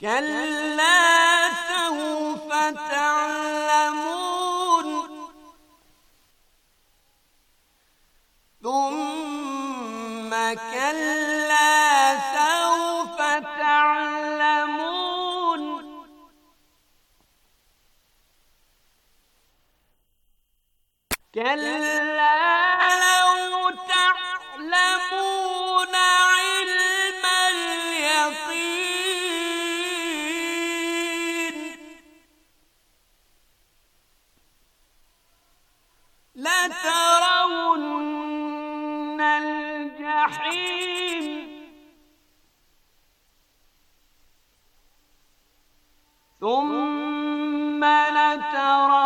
كلا سوف تعلمون ثم كلا سوف تعلمون كلا نارا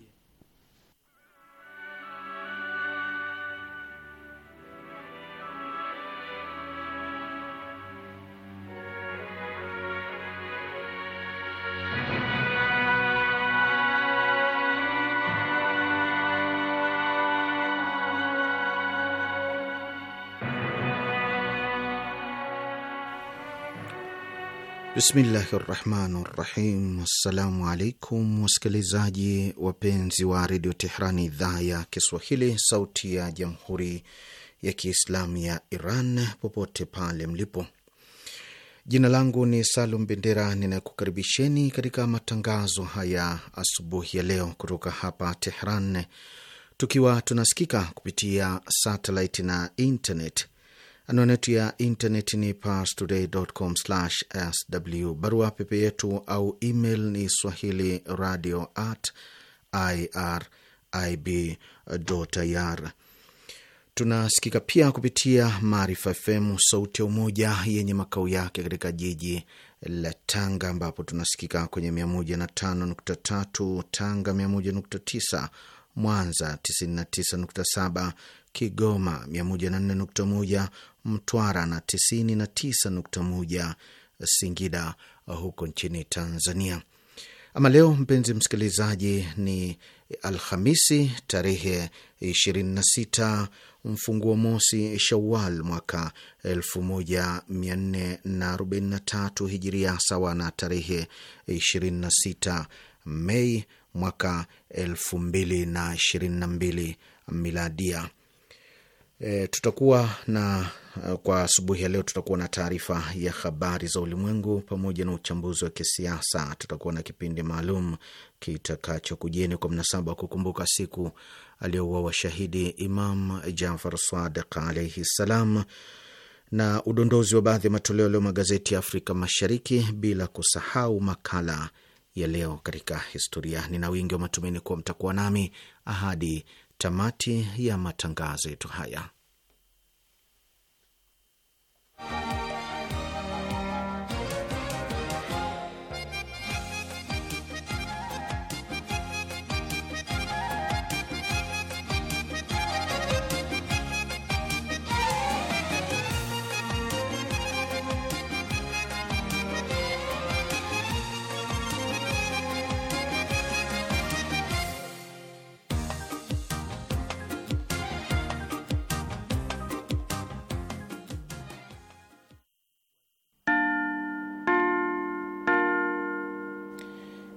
Bismillahi rahmani rahim. Assalamu alaikum wasikilizaji wapenzi wa redio Tehrani, idhaa ya Kiswahili, sauti ya jamhuri ya kiislamu ya Iran, popote pale mlipo. Jina langu ni Salum Bendera, ninakukaribisheni katika matangazo haya asubuhi ya leo kutoka hapa Tehran, tukiwa tunasikika kupitia satelit na internet. Anwani yetu ya intaneti ni parstoday.com/sw. Barua pepe yetu au email ni swahili radio at irib.ir. Tunasikika pia kupitia Maarifa FM sauti ya Umoja yenye makao yake katika jiji la Tanga, ambapo tunasikika kwenye 105.3 Tanga, 101.9 Mwanza, 99.7 Kigoma, 104.1 Mtwara na 99.1 Singida huko nchini Tanzania. Ama leo mpenzi msikilizaji, ni Alhamisi tarehe 26 mfunguo mosi Shawal mwaka 1443 hijiria sawa na tarehe 26 Mei mwaka 2022 miladia. E, tutakuwa na e, kwa asubuhi ya leo tutakuwa na taarifa ya habari za ulimwengu pamoja na uchambuzi wa kisiasa. Tutakuwa na kipindi maalum kitakacho kujeni kwa mnasaba wa kukumbuka siku aliyouawa shahidi Imam Jafar Sadiq alaihi ssalam, na udondozi wa baadhi ya matoleo leo magazeti ya Afrika Mashariki, bila kusahau makala ya leo katika historia. Nina wingi wa matumaini kuwa mtakuwa nami ahadi tamati ya matangazo yetu haya.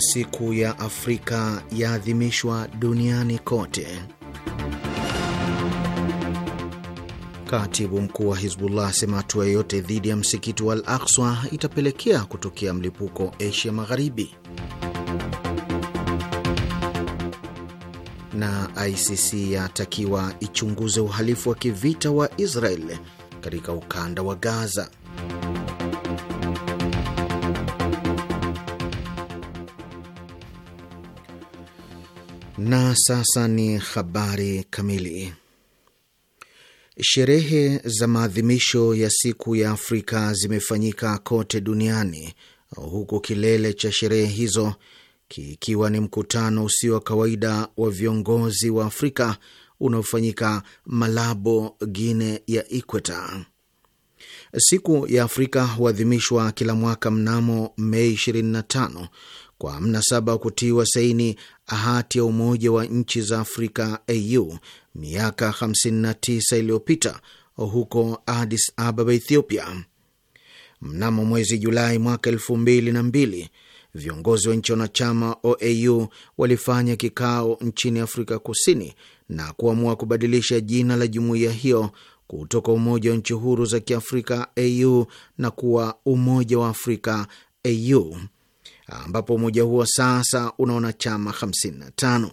siku ya Afrika yaadhimishwa duniani kote. Katibu mkuu wa Hizbullah asema hatua yoyote dhidi ya msikiti wa Al Akswa itapelekea kutokea mlipuko Asia Magharibi. Na ICC yatakiwa ichunguze uhalifu wa kivita wa Israel katika ukanda wa Gaza. Na sasa ni habari kamili. Sherehe za maadhimisho ya siku ya Afrika zimefanyika kote duniani huku kilele cha sherehe hizo kikiwa ni mkutano usio wa kawaida wa viongozi wa Afrika unaofanyika Malabo, Guine ya Ikweta. Siku ya Afrika huadhimishwa kila mwaka mnamo Mei 25 kwa mnasaba wa kutiwa saini hati ya Umoja wa Nchi za Afrika au miaka 59 iliyopita huko Addis Ababa, Ethiopia. Mnamo mwezi Julai mwaka elfu mbili na mbili viongozi wa nchi wanachama OAU walifanya kikao nchini Afrika Kusini na kuamua kubadilisha jina la jumuiya hiyo kutoka Umoja wa Nchi Huru za Kiafrika au na kuwa Umoja wa Afrika au ambapo umoja huo sasa una wanachama 55.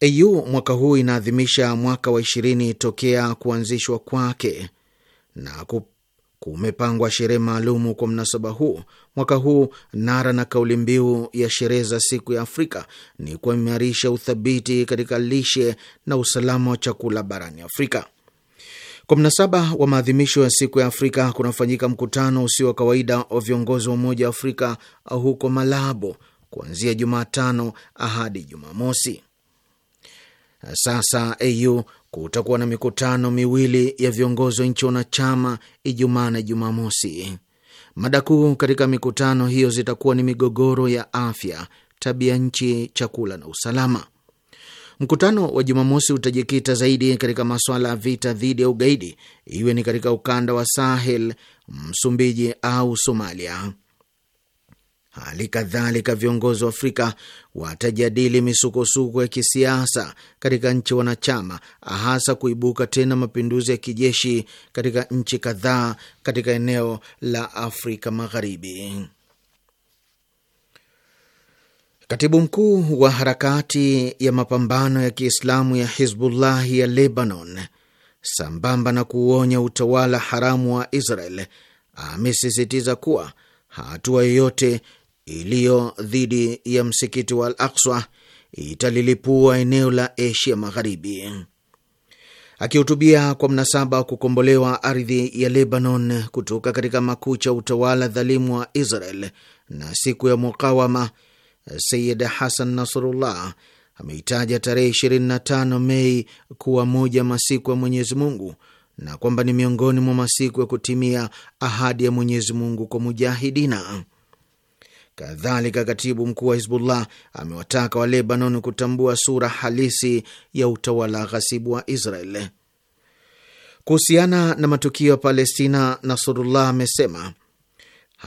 AU mwaka huu inaadhimisha mwaka wa ishirini tokea kuanzishwa kwake na kumepangwa sherehe maalumu kwa mnasaba huu. Mwaka huu nara na kauli mbiu ya sherehe za siku ya Afrika ni kuimarisha uthabiti katika lishe na usalama wa chakula barani Afrika. Kwa mnasaba wa maadhimisho ya siku ya Afrika kunafanyika mkutano usio wa kawaida wa viongozi wa Umoja wa Afrika huko Malabo kuanzia Jumatano hadi Jumamosi. Sasa au kutakuwa na mikutano miwili ya viongozi wa nchi wanachama Ijumaa na Jumamosi. Mada kuu katika mikutano hiyo zitakuwa ni migogoro ya afya, tabia nchi, chakula na usalama. Mkutano wa Jumamosi utajikita zaidi katika masuala ya vita dhidi ya ugaidi, iwe ni katika ukanda wa Sahel, Msumbiji au Somalia. Hali kadhalika viongozi wa Afrika watajadili misukosuko ya kisiasa katika nchi wanachama, hasa kuibuka tena mapinduzi ya kijeshi katika nchi kadhaa katika eneo la Afrika Magharibi. Katibu mkuu wa harakati ya mapambano ya Kiislamu ya hizbullahi ya Lebanon, sambamba na kuuonya utawala haramu wa Israel, amesisitiza kuwa hatua yoyote iliyo dhidi ya msikiti wa Al Akswa italilipua eneo la Asia Magharibi. Akihutubia kwa mnasaba wa kukombolewa ardhi ya Lebanon kutoka katika makucha utawala dhalimu wa Israel na siku ya mukawama Sayid Hasan Nasrullah ameitaja tarehe 25 Mei kuwa moja masiku ya Mwenyezi Mungu na kwamba ni miongoni mwa masiku ya kutimia ahadi ya Mwenyezi Mungu kwa mujahidina. Kadhalika, katibu mkuu wa Hizbullah amewataka wa Lebanon kutambua sura halisi ya utawala ghasibu wa Israel. Kuhusiana na matukio ya Palestina, Nasrullah amesema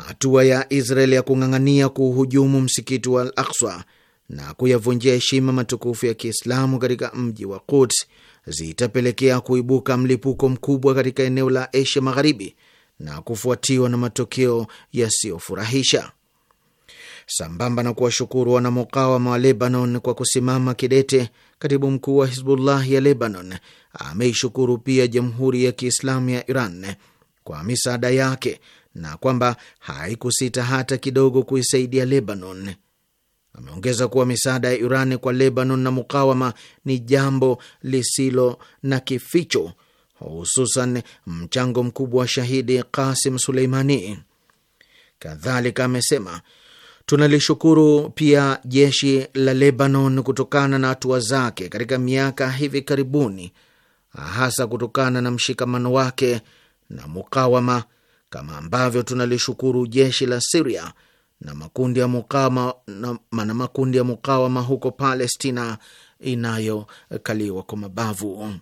hatua ya Israel ya kung'ang'ania kuhujumu msikiti wa Al Akswa na kuyavunjia heshima matukufu ya Kiislamu katika mji wa Quds zitapelekea kuibuka mlipuko mkubwa katika eneo la Asia Magharibi na kufuatiwa na matokeo yasiyofurahisha. Sambamba na kuwashukuru wanamukawama wa Lebanon kwa kusimama kidete, katibu mkuu wa Hizbullah ya Lebanon ameishukuru pia Jamhuri ya Kiislamu ya Iran kwa misaada yake na kwamba haikusita hata kidogo kuisaidia Lebanon. Ameongeza kuwa misaada ya Irani kwa Lebanon na mukawama ni jambo lisilo na kificho, hususan mchango mkubwa wa shahidi Kasim Suleimani. Kadhalika amesema tunalishukuru pia jeshi la Lebanon kutokana na hatua zake katika miaka hivi karibuni, hasa kutokana na mshikamano wake na mukawama kama ambavyo tunalishukuru jeshi la Siria na makundi ya mukawama na, na makundi ya mukawama huko Palestina inayokaliwa kwa mabavu.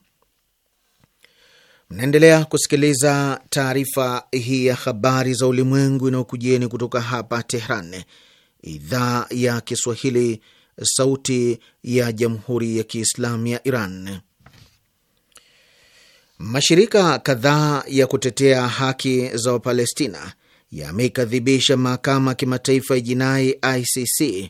Mnaendelea kusikiliza taarifa hii ya habari za ulimwengu inayokujieni kutoka hapa Tehran, idhaa ya Kiswahili, sauti ya jamhuri ya kiislamu ya Iran. Mashirika kadhaa ya kutetea haki za Wapalestina yameikadhibisha mahakama ya kimataifa ya jinai ICC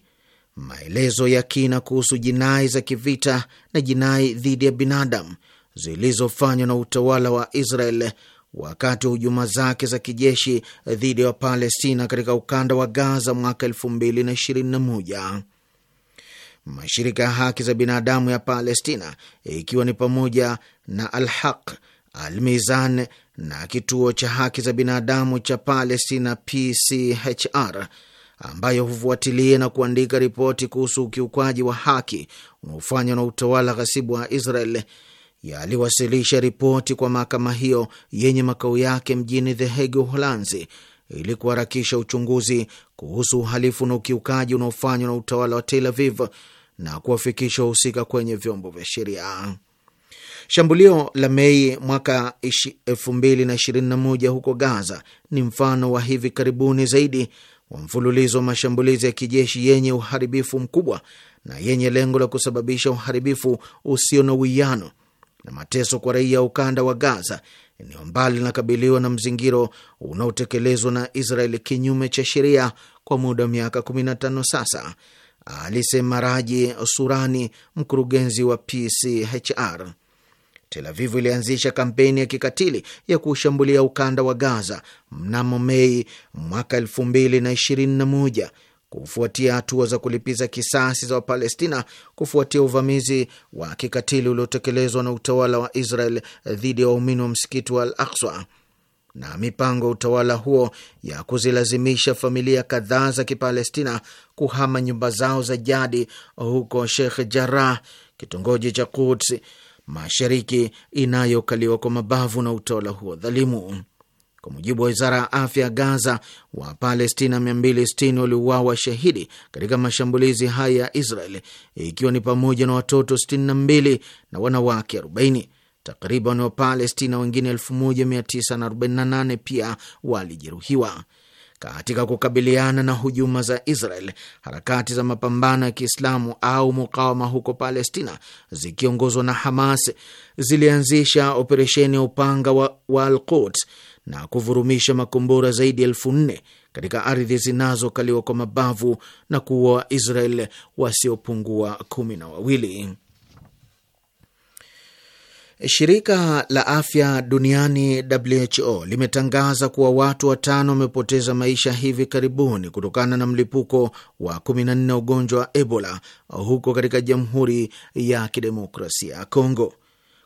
maelezo ya kina kuhusu jinai za kivita na jinai dhidi ya binadamu zilizofanywa na utawala wa Israel wakati wa hujuma zake za kijeshi dhidi ya Wapalestina katika ukanda wa Gaza mwaka 221 mashirika ya haki za binadamu ya Palestina ikiwa ni pamoja na Al-Haq, Al-Mizan na kituo cha haki za binadamu cha Palestina PCHR ambayo hufuatilia na kuandika ripoti kuhusu ukiukwaji wa haki unaofanywa na utawala ghasibu wa Israel yaliwasilisha ripoti kwa mahakama hiyo yenye makao yake mjini The Hague, Uholanzi, ili kuharakisha uchunguzi kuhusu uhalifu na ukiukaji unaofanywa na utawala wa Tel Aviv na kuwafikisha wahusika kwenye vyombo vya sheria. Shambulio la Mei mwaka 2021 huko Gaza ni mfano wa hivi karibuni zaidi wa mfululizo wa mashambulizi ya kijeshi yenye uharibifu mkubwa na yenye lengo la kusababisha uharibifu usio na uwiano na mateso kwa raia ukanda wa Gaza, eneo ambalo linakabiliwa na mzingiro unaotekelezwa na Israeli kinyume cha sheria kwa muda wa miaka 15 sasa, alisema Raji Surani, mkurugenzi wa PCHR. Tel Avivu ilianzisha kampeni ya kikatili ya kuushambulia ukanda wa Gaza mnamo Mei mwaka 2021 kufuatia hatua za kulipiza kisasi za Wapalestina kufuatia uvamizi wa kikatili uliotekelezwa na utawala wa Israel dhidi ya waumini wa msikiti wa Al Akswa na mipango ya utawala huo ya kuzilazimisha familia kadhaa za Kipalestina kuhama nyumba zao za jadi huko Sheikh Jarrah, kitongoji cha Quds Mashariki inayokaliwa kwa mabavu na utawala huo dhalimu. Kwa mujibu wa wizara ya afya ya Gaza, wa palestina 260 waliuawa shahidi katika mashambulizi haya ya Israel, ikiwa ni pamoja na watoto 62 na wanawake 40. Takriban Wapalestina wengine 1948 pia walijeruhiwa. Katika kukabiliana na hujuma za Israel, harakati za mapambano ya Kiislamu au mukawama huko Palestina zikiongozwa na Hamas zilianzisha operesheni ya upanga wa, wa Al-Quds na kuvurumisha makombora zaidi ya elfu nne katika ardhi zinazokaliwa kwa mabavu na kuua Waisrael wasiopungua kumi na wawili. Shirika la afya duniani WHO limetangaza kuwa watu watano wamepoteza maisha hivi karibuni kutokana na mlipuko wa 14 ugonjwa wa Ebola huko katika Jamhuri ya Kidemokrasia ya Kongo.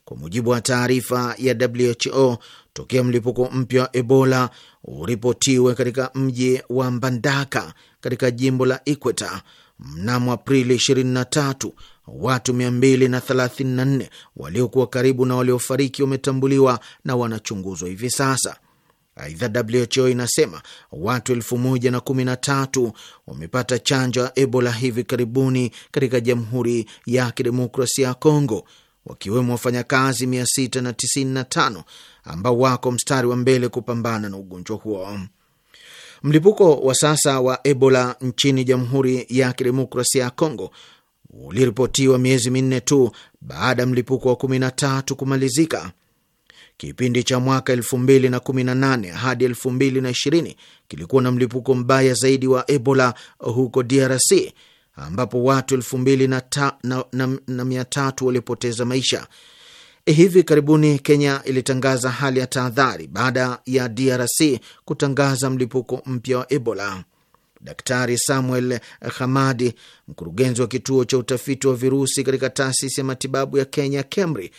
Kwa mujibu wa taarifa ya WHO, tokea mlipuko mpya wa Ebola uripotiwe katika mji wa Mbandaka katika jimbo la equator mnamo Aprili 23 watu 234 waliokuwa karibu na waliofariki wametambuliwa na wanachunguzwa hivi sasa. Aidha, WHO inasema watu 113 wamepata chanjo ya Ebola hivi karibuni katika Jamhuri ya Kidemokrasia ya Kongo, wakiwemo wafanyakazi 695 ambao wako mstari wa mbele kupambana na ugonjwa huo. Mlipuko wa sasa wa Ebola nchini Jamhuri ya Kidemokrasia ya Kongo uliripotiwa miezi minne tu baada ya mlipuko wa 13 kumalizika. Kipindi cha mwaka 2018 hadi 2020 kilikuwa na mlipuko mbaya zaidi wa Ebola huko DRC ambapo watu 2300 walipoteza maisha. Hivi karibuni Kenya ilitangaza hali ya tahadhari baada ya DRC kutangaza mlipuko mpya wa Ebola. Daktari Samuel Hamadi, mkurugenzi wa kituo cha utafiti wa virusi katika taasisi ya matibabu ya Kenya, KEMRI,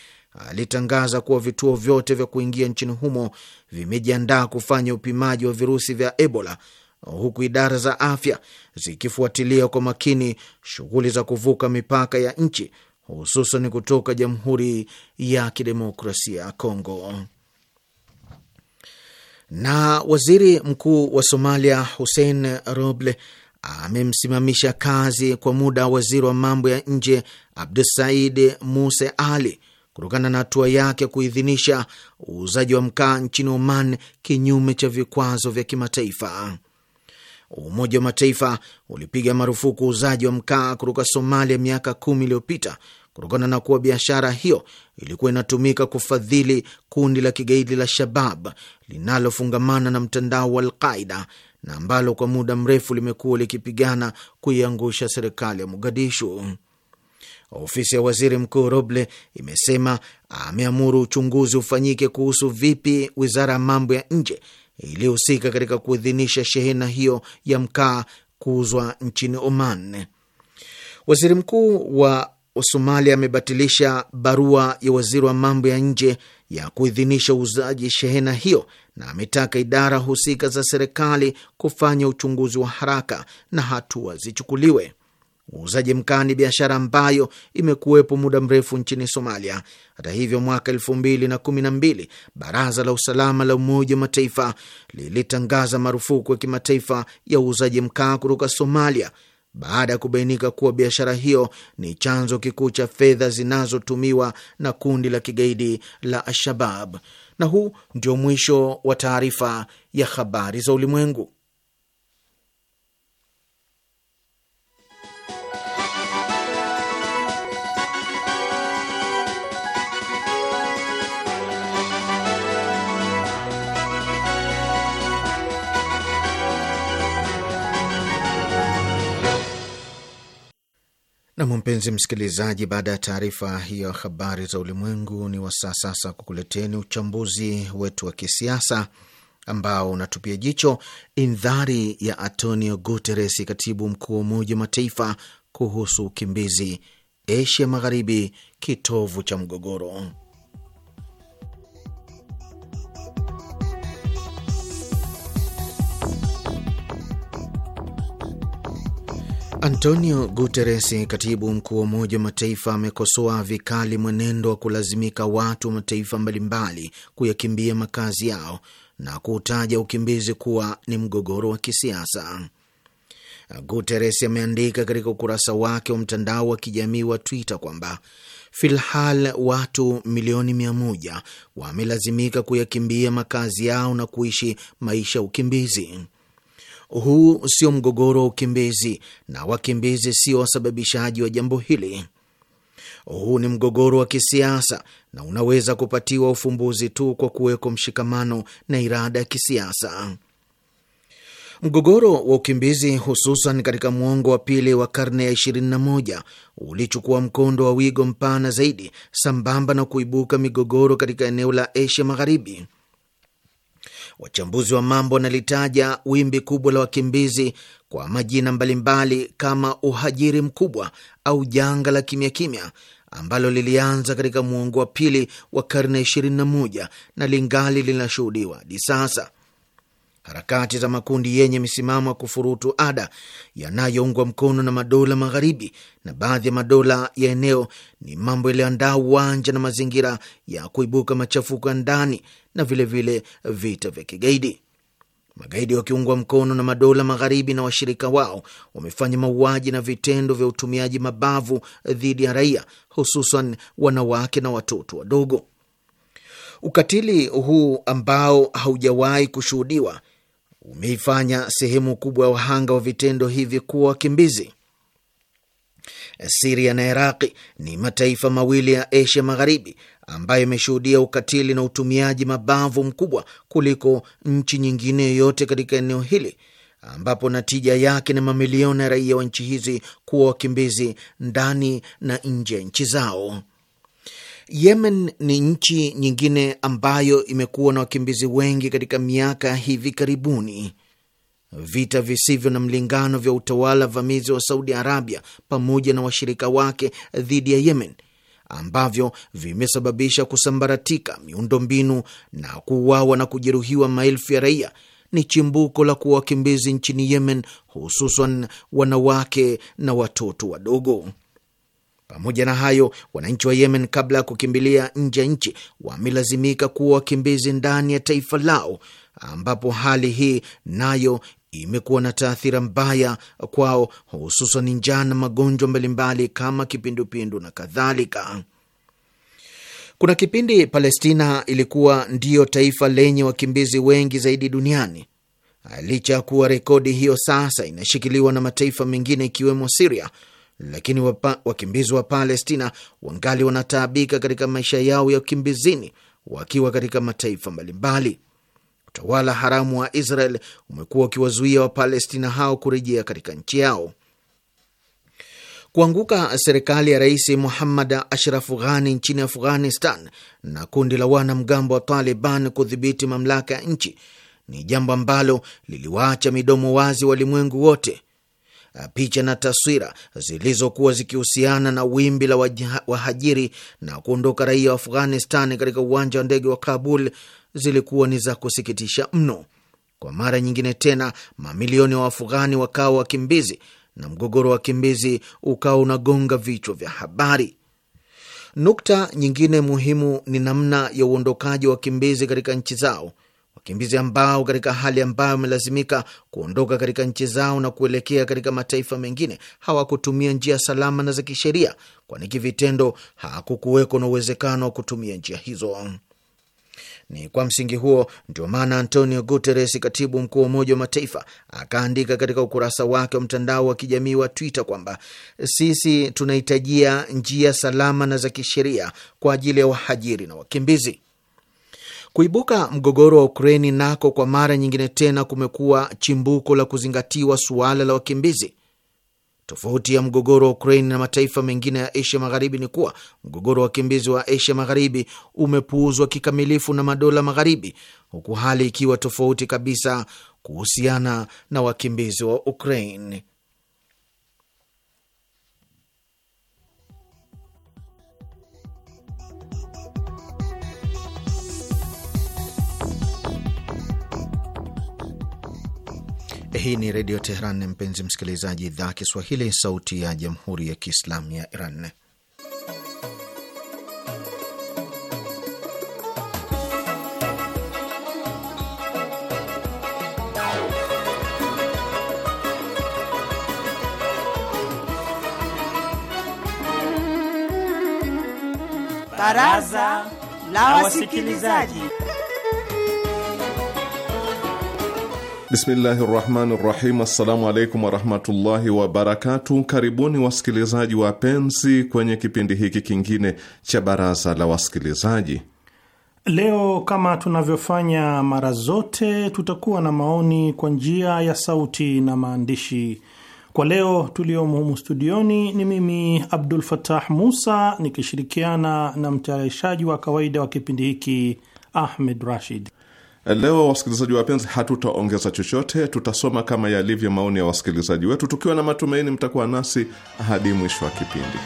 alitangaza kuwa vituo vyote vya kuingia nchini humo vimejiandaa kufanya upimaji wa virusi vya Ebola, huku idara za afya zikifuatilia kwa makini shughuli za kuvuka mipaka ya nchi, hususan kutoka Jamhuri ya Kidemokrasia ya Kongo. Na waziri mkuu wa Somalia Hussein Roble amemsimamisha kazi kwa muda waziri wa mambo ya nje Abdusaid Muse Ali kutokana na hatua yake kuidhinisha uuzaji wa mkaa nchini Oman kinyume cha vikwazo vya kimataifa. Umoja wa Mataifa ulipiga marufuku uuzaji wa mkaa kutoka Somalia miaka kumi iliyopita kutokana na kuwa biashara hiyo ilikuwa inatumika kufadhili kundi la kigaidi la Shabab linalofungamana na mtandao wa Alqaida na ambalo kwa muda mrefu limekuwa likipigana kuiangusha serikali ya Mogadishu. Ofisi ya waziri mkuu Roble imesema ameamuru uchunguzi ufanyike kuhusu vipi wizara ya mambo ya nje iliyohusika katika kuidhinisha shehena hiyo ya mkaa kuuzwa nchini Oman. Waziri mkuu wa Somalia amebatilisha barua ya waziri wa mambo ya nje ya kuidhinisha uuzaji shehena hiyo na ametaka idara husika za serikali kufanya uchunguzi wa haraka na hatua zichukuliwe. Uuzaji mkaa ni biashara ambayo imekuwepo muda mrefu nchini Somalia. Hata hivyo, mwaka elfu mbili na kumi na mbili baraza la usalama la Umoja wa Mataifa lilitangaza marufuku ya kimataifa ya uuzaji mkaa kutoka Somalia baada ya kubainika kuwa biashara hiyo ni chanzo kikuu cha fedha zinazotumiwa na kundi la kigaidi la al-shabab Na huu ndio mwisho wa taarifa ya habari za ulimwengu. Nam, mpenzi msikilizaji, baada ya taarifa hiyo habari za ulimwengu, ni wasaa sasa kukuleteni uchambuzi wetu wa kisiasa ambao unatupia jicho indhari ya Antonio Guterres, katibu mkuu wa Umoja wa Mataifa kuhusu ukimbizi, Asia Magharibi, kitovu cha mgogoro. Antonio Guterres, katibu mkuu wa Umoja wa Mataifa, amekosoa vikali mwenendo wa kulazimika watu wa mataifa mbalimbali kuyakimbia makazi yao na kuutaja ukimbizi kuwa ni mgogoro wa kisiasa. Guterres ameandika katika ukurasa wake wa mtandao wa kijamii wa Twitter kwamba filhal watu milioni mia moja wamelazimika kuyakimbia makazi yao na kuishi maisha ya ukimbizi. Huu sio mgogoro wa ukimbizi, na wakimbizi sio wasababishaji wa jambo hili. Huu ni mgogoro wa kisiasa na unaweza kupatiwa ufumbuzi tu kwa kuweko mshikamano na irada ya kisiasa. Mgogoro wa ukimbizi hususan katika mwongo wa pili wa karne ya 21 ulichukua mkondo wa wigo mpana zaidi, sambamba na kuibuka migogoro katika eneo la Asia Magharibi. Wachambuzi wa mambo wanalitaja wimbi kubwa la wakimbizi kwa majina mbalimbali kama uhajiri mkubwa au janga la kimya kimya ambalo lilianza katika muongo wa pili wa karne 21 na lingali linashuhudiwa hadi sasa harakati za makundi yenye misimamo ya kufurutu ada yanayoungwa mkono na madola magharibi na baadhi ya madola ya eneo ni mambo yaliyoandaa uwanja na mazingira ya kuibuka machafuko ya ndani na vilevile vile vita vya kigaidi. Magaidi wakiungwa mkono na madola magharibi na washirika wao wamefanya mauaji na vitendo vya utumiaji mabavu dhidi ya raia, hususan wanawake na watoto wadogo. Ukatili huu ambao haujawahi kushuhudiwa umeifanya sehemu kubwa ya wahanga wa vitendo hivi kuwa wakimbizi. Siria na Iraqi ni mataifa mawili ya Asia Magharibi ambayo imeshuhudia ukatili na utumiaji mabavu mkubwa kuliko nchi nyingine yoyote katika eneo hili, ambapo natija yake ni mamilioni ya raia wa nchi hizi kuwa wakimbizi ndani na nje ya nchi zao. Yemen ni nchi nyingine ambayo imekuwa na wakimbizi wengi katika miaka hivi karibuni. Vita visivyo na mlingano vya utawala vamizi wa Saudi Arabia pamoja na washirika wake dhidi ya Yemen ambavyo vimesababisha kusambaratika miundombinu na kuuawa na kujeruhiwa maelfu ya raia ni chimbuko la kuwa wakimbizi nchini Yemen, hususan wanawake na watoto wadogo. Pamoja na hayo, wananchi wa Yemen kabla ya kukimbilia nje ya nchi wamelazimika kuwa wakimbizi ndani ya taifa lao, ambapo hali hii nayo imekuwa na taathira mbaya kwao, hususan njaa na magonjwa mbalimbali kama kipindupindu na kadhalika. Kuna kipindi Palestina ilikuwa ndiyo taifa lenye wakimbizi wengi zaidi duniani. Licha ya kuwa rekodi hiyo sasa inashikiliwa na mataifa mengine ikiwemo Siria, lakini wapa, wakimbizi wa Palestina wangali wanataabika katika maisha yao ya ukimbizini wakiwa katika mataifa mbalimbali. Utawala haramu wa Israel umekuwa ukiwazuia Wapalestina hao kurejea katika nchi yao. Kuanguka serikali ya Rais Muhammad Ashraf Ghani nchini Afghanistan na kundi la wanamgambo wa Taliban kudhibiti mamlaka ya nchi ni jambo ambalo liliwaacha midomo wazi walimwengu wote Eh, picha na taswira zilizokuwa zikihusiana na wimbi la wahajiri na kuondoka raia wa Afghanistan katika uwanja wa ndege wa Kabul zilikuwa ni za kusikitisha mno. Kwa mara nyingine tena, mamilioni ya wa Waafghani wakawa wakimbizi na mgogoro wa wakimbizi ukawa unagonga vichwa vya habari. Nukta nyingine muhimu ni namna ya uondokaji wa wakimbizi katika nchi zao wakimbizi ambao katika hali ambayo wamelazimika kuondoka katika nchi zao na kuelekea katika mataifa mengine hawakutumia njia salama na za kisheria, kwani kivitendo hakukuweko na uwezekano wa kutumia njia hizo. Ni kwa msingi huo ndio maana Antonio Guterres, katibu mkuu wa Umoja wa Mataifa, akaandika katika ukurasa wake wa mtandao wa kijamii wa Twitter kwamba sisi tunahitajia njia salama na za kisheria kwa ajili ya wahajiri na wakimbizi. Kuibuka mgogoro wa Ukraini nako kwa mara nyingine tena kumekuwa chimbuko la kuzingatiwa suala la wakimbizi. Tofauti ya mgogoro wa Ukraini na mataifa mengine ya Asia Magharibi ni kuwa mgogoro wa wakimbizi wa Asia Magharibi umepuuzwa kikamilifu na madola Magharibi, huku hali ikiwa tofauti kabisa kuhusiana na wakimbizi wa Ukraini. Hii ni Redio Teheran, mpenzi msikilizaji, idhaa ya Kiswahili, sauti ya Jamhuri ya Kiislamu ya Iran. Baraza la Wasikilizaji. Bismillahi rahmani rahim. Assalamu alaikum warahmatullahi wabarakatu. Karibuni wasikilizaji wapenzi kwenye kipindi hiki kingine cha baraza la wasikilizaji. Leo kama tunavyofanya mara zote, tutakuwa na maoni kwa njia ya sauti na maandishi. Kwa leo tuliomo humu studioni ni mimi Abdul Fatah Musa nikishirikiana na mtayarishaji wa kawaida wa kipindi hiki Ahmed Rashid. Leo wasikilizaji wapenzi, hatutaongeza chochote, tutasoma kama yalivyo maoni ya wasikilizaji wetu, tukiwa na matumaini mtakuwa nasi hadi mwisho wa kipindi.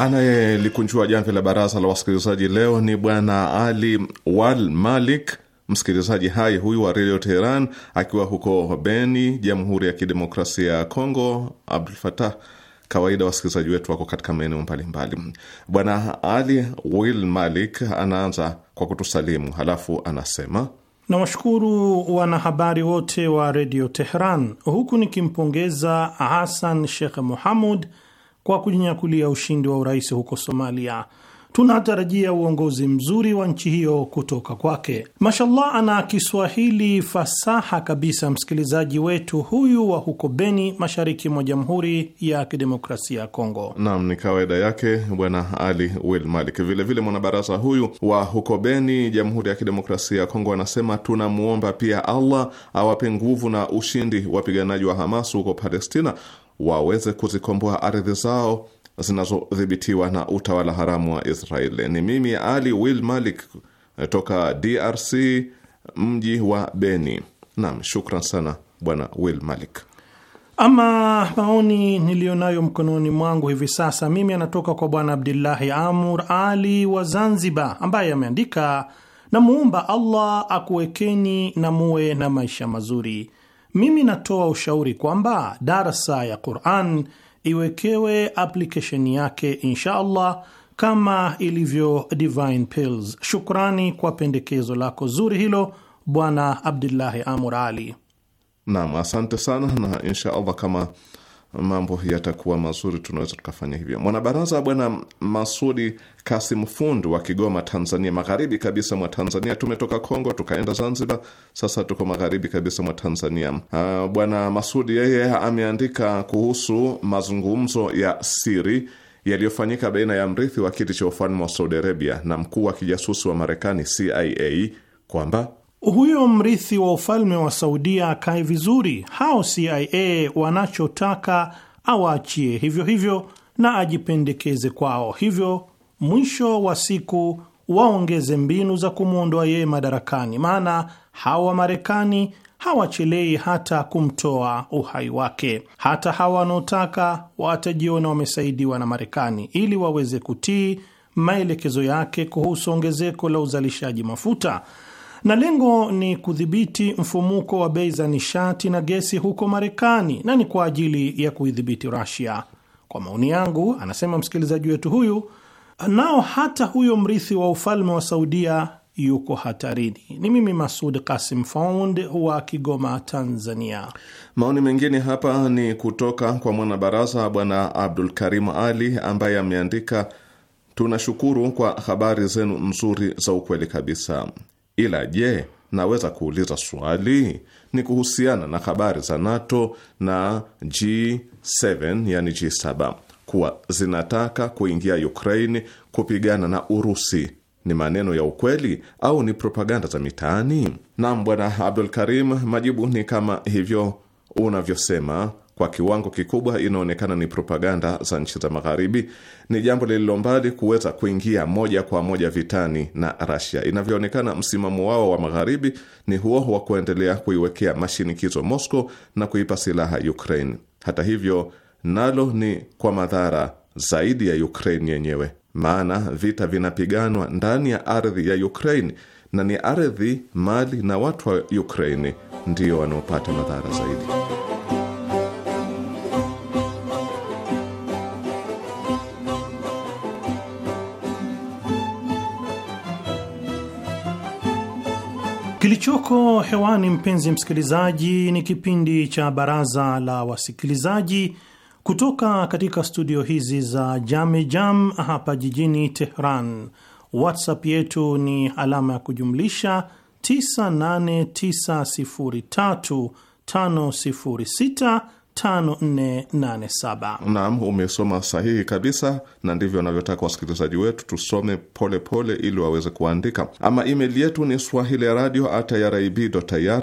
Anayelikunjua jamvi la baraza la wasikilizaji leo ni bwana Ali Wal Malik, msikilizaji hai huyu wa redio Teheran akiwa huko Beni, Jamhuri ya Kidemokrasia ya Kongo. Abdul Fatah, kawaida wasikilizaji wetu wako katika maeneo mbalimbali. Bwana Ali Wil Malik anaanza kwa kutusalimu, halafu anasema Nawashukuru wanahabari wote wa redio Teheran, huku nikimpongeza Hasan Shekh Muhamud kwa kujinyakulia ushindi wa urais huko Somalia. Tunatarajia uongozi mzuri wa nchi hiyo kutoka kwake. Mashallah, ana Kiswahili fasaha kabisa msikilizaji wetu huyu wa huko Beni, mashariki mwa Jamhuri ya Kidemokrasia ya Kongo. Naam, ni kawaida yake Bwana Ali Wil Malik. Vilevile mwanabaraza huyu wa huko Beni, Jamhuri ya Kidemokrasia ya Kongo, anasema tunamwomba pia Allah awape nguvu na ushindi wapiganaji wa Hamas huko Palestina waweze kuzikomboa ardhi zao zinazodhibitiwa na utawala haramu wa Israeli. Ni mimi Ali Will Malik eh, toka DRC, mji wa Beni. Naam, shukran sana bwana Will Malik. Ama maoni niliyonayo mkononi mwangu hivi sasa mimi anatoka kwa bwana Abdullahi Amur Ali wa Zanzibar, ambaye ameandika: namuomba Allah akuwekeni na muwe na maisha mazuri mimi natoa ushauri kwamba darsa ya Quran iwekewe aplikesheni yake insha allah kama ilivyo Divine Pills. Shukrani kwa pendekezo lako zuri hilo Bwana Abdullahi Amur Ali. Naam, asante sana na insha allah kama mambo yatakuwa mazuri, tunaweza tukafanya hivyo. Mwanabaraza Bwana Masudi Kasim Fundu wa Kigoma, Tanzania, magharibi kabisa mwa Tanzania. Tumetoka Kongo tukaenda Zanzibar, sasa tuko magharibi kabisa mwa Tanzania. Uh, Bwana Masudi yeye ameandika kuhusu mazungumzo ya siri yaliyofanyika baina ya mrithi wa kiti cha ufalme wa Saudi Arabia na mkuu wa kijasusi wa Marekani CIA kwamba huyo mrithi wa ufalme wa Saudia akae vizuri, hao CIA wanachotaka awaachie hivyo hivyo na ajipendekeze kwao, hivyo mwisho wa siku waongeze mbinu za kumwondoa yeye madarakani, maana hawa Marekani hawachelei hata kumtoa uhai wake. Hata hawa wanaotaka watajiona wamesaidiwa na Marekani ili waweze kutii maelekezo yake kuhusu ongezeko la uzalishaji mafuta na lengo ni kudhibiti mfumuko wa bei za nishati na gesi huko Marekani, na ni kwa ajili ya kuidhibiti rasia Kwa maoni yangu, anasema msikilizaji wetu huyu, nao hata huyo mrithi wa ufalme wa Saudia yuko hatarini. Ni mimi Masud Kasim Found wa Kigoma, Tanzania. Maoni mengine hapa ni kutoka kwa mwanabaraza Bwana Abdul Karim Ali ambaye ameandika, tunashukuru kwa habari zenu nzuri za ukweli kabisa. Ila je, naweza kuuliza swali? Ni kuhusiana na habari za NATO na G7, yani G7 kuwa zinataka kuingia Ukraine kupigana na Urusi. Ni maneno ya ukweli au ni propaganda za mitaani? Naam, Bwana Abdul Karim, majibu ni kama hivyo unavyosema kwa kiwango kikubwa inaonekana ni propaganda za nchi za Magharibi, ni jambo lililo mbali kuweza kuingia moja kwa moja vitani na Rasia. Inavyoonekana, msimamo wao wa Magharibi ni huo wa kuendelea kuiwekea mashinikizo Moscow na kuipa silaha Ukraine. Hata hivyo, nalo ni kwa madhara zaidi ya Ukraine yenyewe, maana vita vinapiganwa ndani ya ardhi ya Ukraine na ni ardhi, mali na watu wa Ukraine ndio wanaopata madhara zaidi. Kilichoko hewani, mpenzi msikilizaji, ni kipindi cha Baraza la Wasikilizaji kutoka katika studio hizi za Jame Jam hapa jijini Tehran. WhatsApp yetu ni alama ya kujumlisha 98903506 5487. Naam, umesoma sahihi kabisa, na ndivyo wanavyotaka wasikilizaji wetu tusome polepole pole, ili waweze kuandika. Ama email yetu ni swahili radio at irib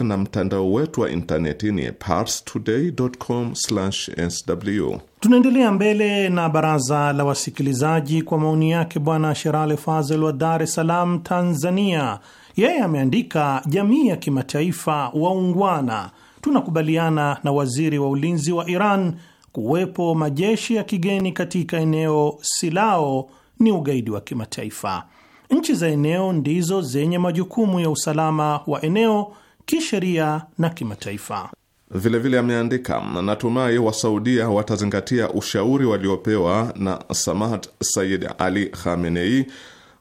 na mtandao wetu wa intaneti ni parstoday.com/sw. Tunaendelea mbele na baraza la wasikilizaji kwa maoni yake Bwana Sherale Fazel wa Dar es Salaam, Tanzania. Yeye ameandika, jamii ya kimataifa waungwana tunakubaliana na waziri wa ulinzi wa Iran kuwepo majeshi ya kigeni katika eneo silao ni ugaidi wa kimataifa. Nchi za eneo ndizo zenye majukumu ya usalama wa eneo kisheria na kimataifa. Vilevile ameandika natumai wasaudia watazingatia ushauri waliopewa na Samad Sayid Ali Khamenei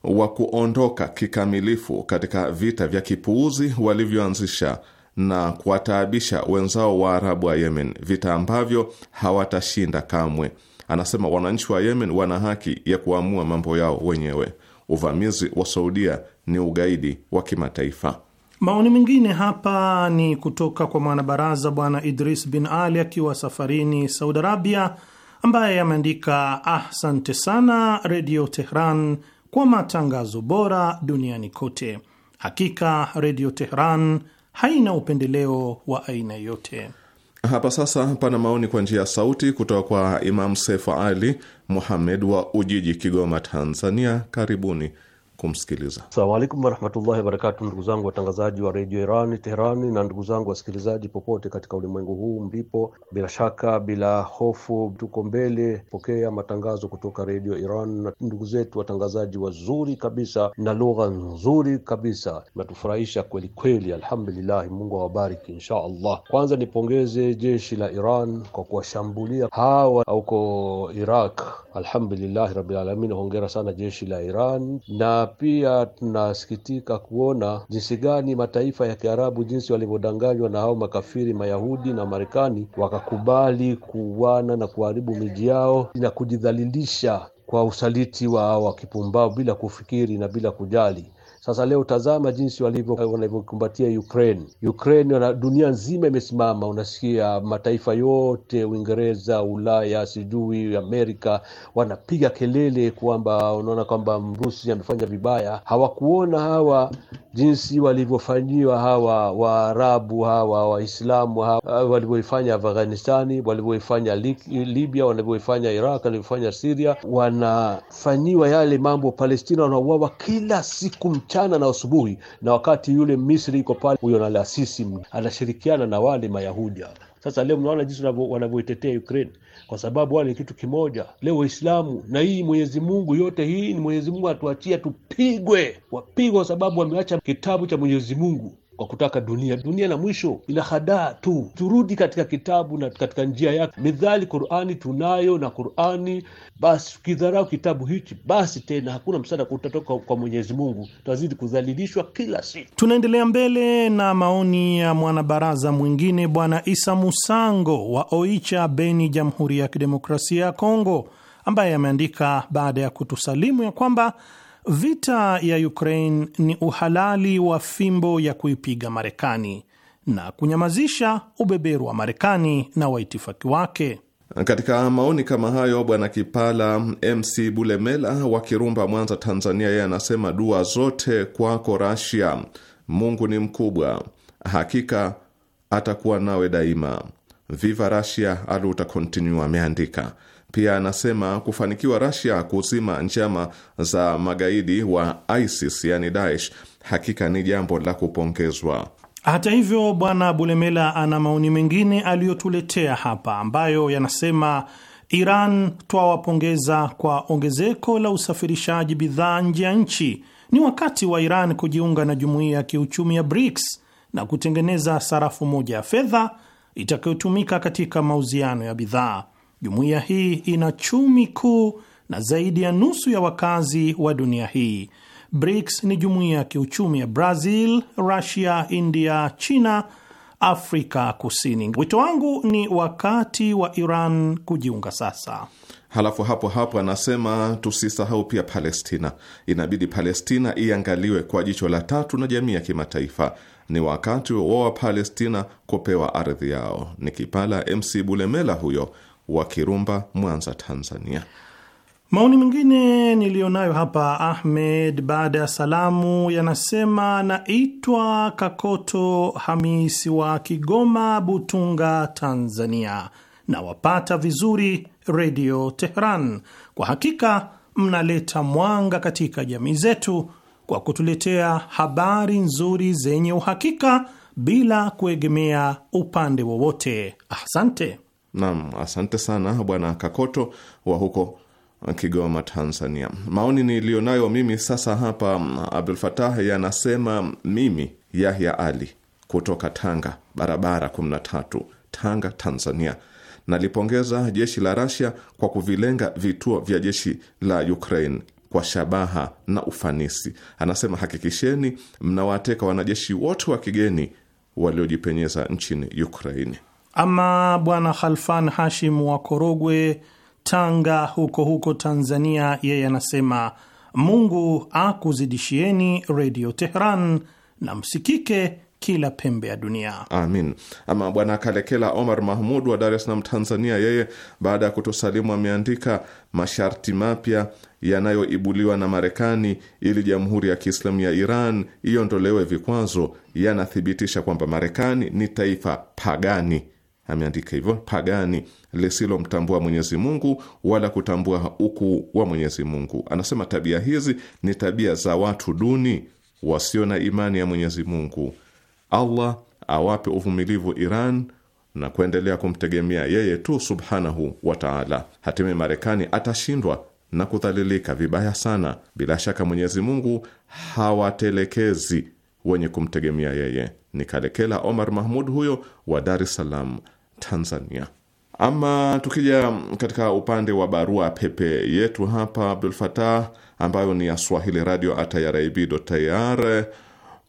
wa kuondoka kikamilifu katika vita vya kipuuzi walivyoanzisha na kuwataabisha wenzao wa arabu wa Yemen, vita ambavyo hawatashinda kamwe. Anasema wananchi wa Yemen wana haki ya kuamua mambo yao wenyewe. Uvamizi wa Saudia ni ugaidi wa kimataifa. Maoni mengine hapa ni kutoka kwa mwanabaraza Bwana Idris bin Ali akiwa safarini Saudi Arabia, ambaye ameandika asante ah, sana Redio Tehran kwa matangazo bora duniani kote. Hakika Redio Tehran haina upendeleo wa aina yote. Hapa sasa pana maoni kwa njia ya sauti kutoka kwa Imam sefu Ali Muhamed wa Ujiji, Kigoma, Tanzania. Karibuni kumsikiliza. Asalamu alaikum warahmatullahi wabarakatu, ndugu zangu watangazaji wa redio Irani Teherani na ndugu zangu wasikilizaji popote katika ulimwengu huu mlipo, bila shaka bila hofu, tuko mbele pokea matangazo kutoka redio Iran na ndugu zetu watangazaji wazuri kabisa na lugha nzuri kabisa, natufurahisha kweli kweli, alhamdulillahi. Mungu awabariki insha Allah. Kwanza nipongeze jeshi la Iran kwa kuwashambulia hawa huko Iraq, alhamdulillahi rabbil alamin. Hongera sana jeshi la Iran na pia tunasikitika kuona jinsi gani mataifa ya Kiarabu jinsi walivyodanganywa na hao makafiri Mayahudi na Marekani, wakakubali kuuana na kuharibu miji yao na kujidhalilisha kwa usaliti wa hao bila kufikiri na bila kujali. Sasa leo tazama jinsi wanavyokumbatia Ukraine. Ukraine, dunia nzima imesimama, unasikia mataifa yote, Uingereza, Ulaya, sijui Amerika, wanapiga kelele kwamba unaona kwamba Mrusi amefanya vibaya. Hawakuona hawa jinsi walivyofanyiwa hawa Waarabu hawa Waislamu walivyoifanya Afghanistani, walivyoifanya Libya, wanavyoifanya Iraq, walivyofanya Siria, wanafanyiwa yale mambo. Palestina wanauawa kila siku mchana mchana na asubuhi, na wakati yule Misri iko pale, huyo nalasisi anashirikiana na wale Mayahudi. Sasa leo mnaona jinsi wanavyoitetea Ukraine kwa sababu wale ni kitu kimoja. Leo Waislamu na hii Mwenyezi Mungu, yote hii ni Mwenyezi Mungu atuachia tupigwe, wapigwe kwa sababu wameacha kitabu cha Mwenyezi Mungu kwa kutaka dunia dunia na mwisho ina hadaa tu. Turudi katika kitabu na katika njia yake. Midhali Qurani tunayo na Qurani, basi ukidharau kitabu hichi, basi tena hakuna msaada utatoka kwa Mwenyezi Mungu, tunazidi kudhalilishwa kila siku. Tunaendelea mbele na maoni ya mwanabaraza mwingine, Bwana Isa Musango wa Oicha, Beni, Jamhuri ya Kidemokrasia ya Kongo, ambaye ameandika baada ya kutusalimu ya kwamba Vita ya Ukraine ni uhalali wa fimbo ya kuipiga Marekani na kunyamazisha ubeberu wa Marekani na waitifaki wake. Katika maoni kama hayo, Bwana Kipala MC Bulemela wa Kirumba, Mwanza, Tanzania, yeye anasema dua zote kwako Rasia, Mungu ni mkubwa, hakika atakuwa nawe daima. Viva Rasia aluta continue, ameandika pia anasema kufanikiwa Rasia kuzima njama za magaidi wa ISIS yani Daesh hakika ni jambo la kupongezwa. Hata hivyo, Bwana Bulemela ana maoni mengine aliyotuletea hapa ambayo yanasema Iran twawapongeza kwa ongezeko la usafirishaji bidhaa nje ya nchi. Ni wakati wa Iran kujiunga na jumuiya ya kiuchumi ya BRICS na kutengeneza sarafu moja ya fedha itakayotumika katika mauziano ya bidhaa. Jumuiya hii ina chumi kuu na zaidi ya nusu ya wakazi wa dunia hii. BRICS ni jumuiya ya kiuchumi ya Brazil, Russia, India, China, Afrika Kusini. Wito wangu ni wakati wa Iran kujiunga sasa. Halafu hapo hapo anasema tusisahau pia Palestina. Inabidi Palestina iangaliwe kwa jicho la tatu na jamii ya kimataifa. Ni wakati wa Wapalestina kupewa ardhi yao. Ni Kipala MC Bulemela huyo wa Kirumba, Mwanza, Tanzania. Maoni mengine niliyonayo hapa Ahmed, baada ya salamu, yanasema naitwa Kakoto Hamisi wa Kigoma, Butunga, Tanzania. Nawapata vizuri Redio Tehran. Kwa hakika mnaleta mwanga katika jamii zetu kwa kutuletea habari nzuri zenye uhakika bila kuegemea upande wowote. Asante. Naam, asante sana Bwana Kakoto wa huko Kigoma, Tanzania. Maoni niliyonayo mimi sasa hapa, Abdul Fatah yanasema mimi Yahya Ali kutoka Tanga, barabara 13, Tanga, Tanzania. Nalipongeza jeshi la Rasia kwa kuvilenga vituo vya jeshi la Ukraine kwa shabaha na ufanisi. Anasema hakikisheni mnawateka wanajeshi wote wa kigeni waliojipenyeza nchini Ukraine. Ama bwana Khalfan Hashim wa Korogwe, Tanga, huko huko Tanzania, yeye anasema Mungu akuzidishieni Redio tehran na msikike kila pembe ya dunia amin. Ama bwana Kalekela Omar Mahmud wa Dar es Salaam, Tanzania, yeye baada ya kutosalimu ameandika masharti mapya yanayoibuliwa na Marekani ili Jamhuri ya Kiislamu ya Iran iondolewe vikwazo yanathibitisha kwamba Marekani ni taifa pagani ameandika hivyo, pagani lisilomtambua Mwenyezi Mungu wala kutambua ukuu wa Mwenyezi Mungu. Anasema tabia hizi ni tabia za watu duni wasio na imani ya Mwenyezi Mungu. Allah awape uvumilivu Iran na kuendelea kumtegemea yeye tu subhanahu wa taala. Hatimaye Marekani atashindwa na kudhalilika vibaya sana. Bila shaka Mwenyezi Mungu hawatelekezi wenye kumtegemea yeye. Ni Kalekela Omar Mahmud huyo wa Dar es Salaam Tanzania. Ama tukija katika upande wa barua pepe yetu hapa Abdul Fatah, ambayo ni ya Swahili radio irib.ir,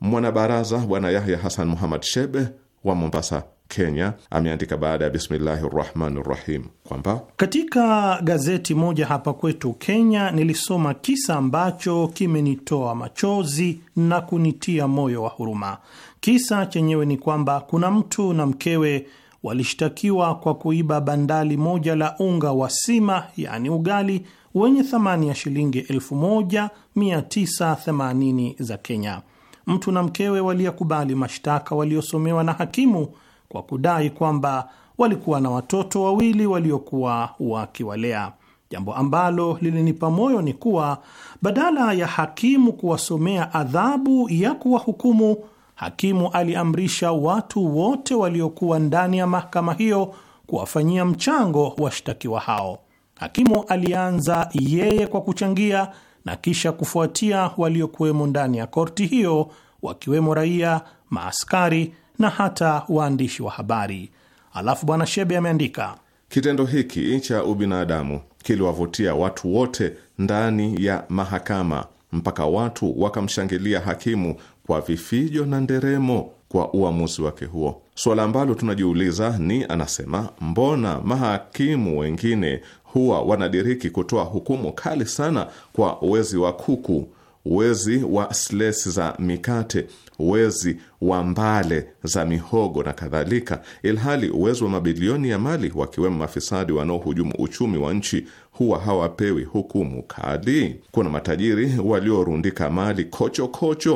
mwanabaraza Bwana Yahya Hasan Muhammad Shebe wa Mombasa Kenya ameandika baada ya bismillahi rahmani rahim kwamba katika gazeti moja hapa kwetu Kenya nilisoma kisa ambacho kimenitoa machozi na kunitia moyo wa huruma. Kisa chenyewe ni kwamba kuna mtu na mkewe walishtakiwa kwa kuiba bandali moja la unga wa sima, yaani ugali wenye thamani ya shilingi 1980 za Kenya. Mtu na mkewe waliyakubali mashtaka waliosomewa na hakimu kwa kudai kwamba walikuwa na watoto wawili waliokuwa wakiwalea. Jambo ambalo lilinipa moyo ni kuwa badala ya hakimu kuwasomea adhabu ya kuwahukumu hakimu aliamrisha watu wote waliokuwa ndani ya mahakama hiyo kuwafanyia mchango washtakiwa hao. Hakimu alianza yeye kwa kuchangia na kisha kufuatia waliokuwemo ndani ya korti hiyo, wakiwemo raia, maaskari na hata waandishi wa habari. Alafu Bwana Shebe ameandika kitendo hiki cha ubinadamu kiliwavutia watu wote ndani ya mahakama mpaka watu wakamshangilia hakimu kwa vifijo na nderemo kwa uamuzi wake huo. Suala ambalo tunajiuliza ni anasema, mbona mahakimu wengine huwa wanadiriki kutoa hukumu kali sana kwa wezi wa kuku, wezi wa slesi za mikate, wezi wa mbale za mihogo na kadhalika, ilhali uwezi wa mabilioni ya mali wakiwemo mafisadi wanaohujumu uchumi wa nchi huwa hawapewi hukumu kali? Kuna matajiri waliorundika mali kochokocho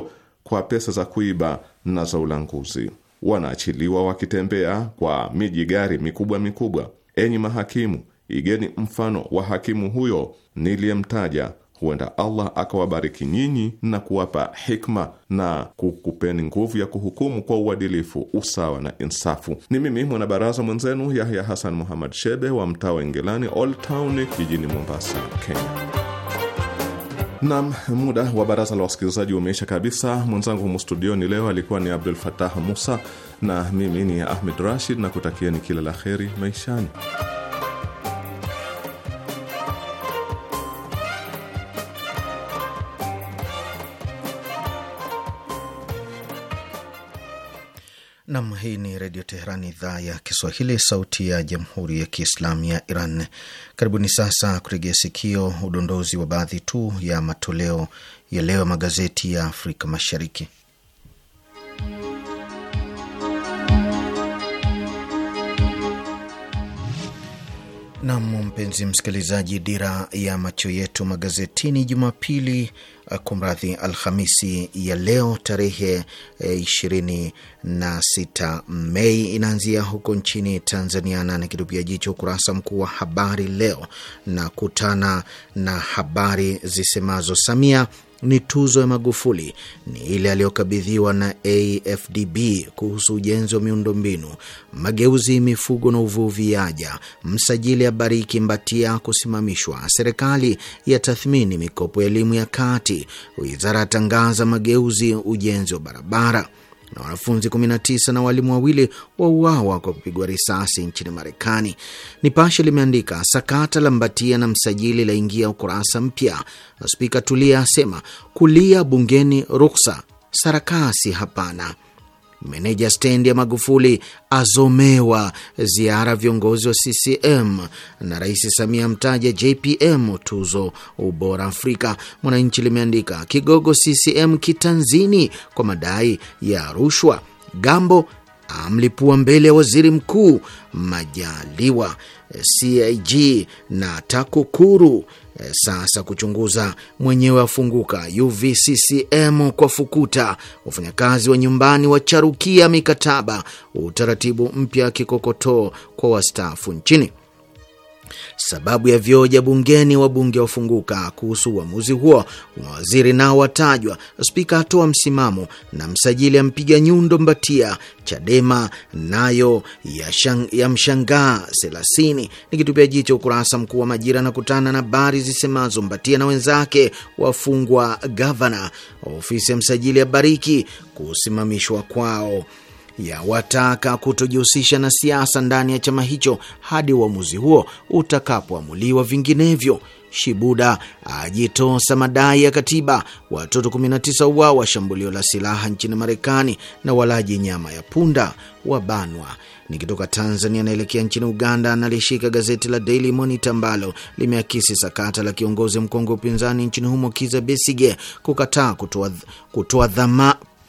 kocho kwa pesa za kuiba na za ulanguzi. Wanaachiliwa wakitembea kwa miji gari mikubwa mikubwa. Enyi mahakimu, igeni mfano wa hakimu huyo niliyemtaja, huenda Allah akawabariki nyinyi na kuwapa hikma na kukupeni nguvu ya kuhukumu kwa uadilifu, usawa na insafu. Ni mimi mwanabaraza mwenzenu Yahya Hasan Muhammad Shebe wa mtaa wa Ingilani, Old Town, jijini Mombasa, Kenya. Nam, muda wa baraza la wasikilizaji umeisha kabisa. Mwenzangu humu studioni leo alikuwa ni Abdul Fatah Musa na mimi ni Ahmed Rashid, na kutakieni kila la heri maishani. Nam, hii ni Redio Teheran, idhaa ya Kiswahili, sauti ya jamhuri ya kiislamu ya Iran. Karibuni sasa kuregea sikio udondozi wa baadhi tu ya matoleo ya leo ya magazeti ya Afrika Mashariki. Nam, mpenzi msikilizaji, dira ya macho yetu magazetini Jumapili, eh, kumradhi, Alhamisi ya leo tarehe 26 eh, Mei inaanzia huko nchini Tanzania, na nikitupia jicho ukurasa mkuu wa habari leo na kutana na habari zisemazo Samia ni tuzo ya Magufuli ni ile aliyokabidhiwa na AFDB kuhusu ujenzi wa miundombinu, mageuzi, mifugo na uvuvi yaja. Msajili abariki Mbatia kusimamishwa. Serikali ya tathmini mikopo ya elimu ya kati. Wizara yatangaza mageuzi, ujenzi wa barabara na wanafunzi 19 na walimu wawili wauawa kwa kupigwa risasi nchini Marekani. Nipashe limeandika sakata la Mbatia na msajili laingia ukurasa mpya, na Spika Tulia asema kulia bungeni ruksa, sarakasi hapana. Meneja stendi ya Magufuli azomewa ziara viongozi wa CCM na Rais Samia mtaja JPM tuzo ubora Afrika. Mwananchi limeandika kigogo CCM kitanzini kwa madai ya rushwa. Gambo amlipua mbele ya waziri mkuu Majaliwa. CIG na TAKUKURU Eh, sasa kuchunguza mwenyewe afunguka. UVCCM kwa fukuta wafanyakazi wa nyumbani wacharukia mikataba, utaratibu mpya kikokotoo kwa wastaafu nchini sababu ya vyoja bungeni, wabunge wafunguka kuhusu uamuzi huo, mawaziri nao watajwa, spika atoa msimamo na msajili ampiga nyundo mbatia. Chadema nayo ya mshangaa thelathini. Nikitupia jicho ukurasa mkuu wa Majira anakutana na habari zisemazo Mbatia na wenzake wafungwa gavana, ofisi ya msajili ya bariki kusimamishwa kwao yawataka kutojihusisha na siasa ndani ya chama hicho hadi uamuzi huo utakapoamuliwa, vinginevyo Shibuda ajitosa madai ya katiba. Watoto 19 wa shambulio la silaha nchini Marekani, na walaji nyama ya punda wabanwa. Nikitoka Tanzania naelekea nchini Uganda, nalishika gazeti la Daily Monitor ambalo limeakisi sakata la kiongozi mkongwe wa upinzani nchini humo Kiza Besige kukataa kutoa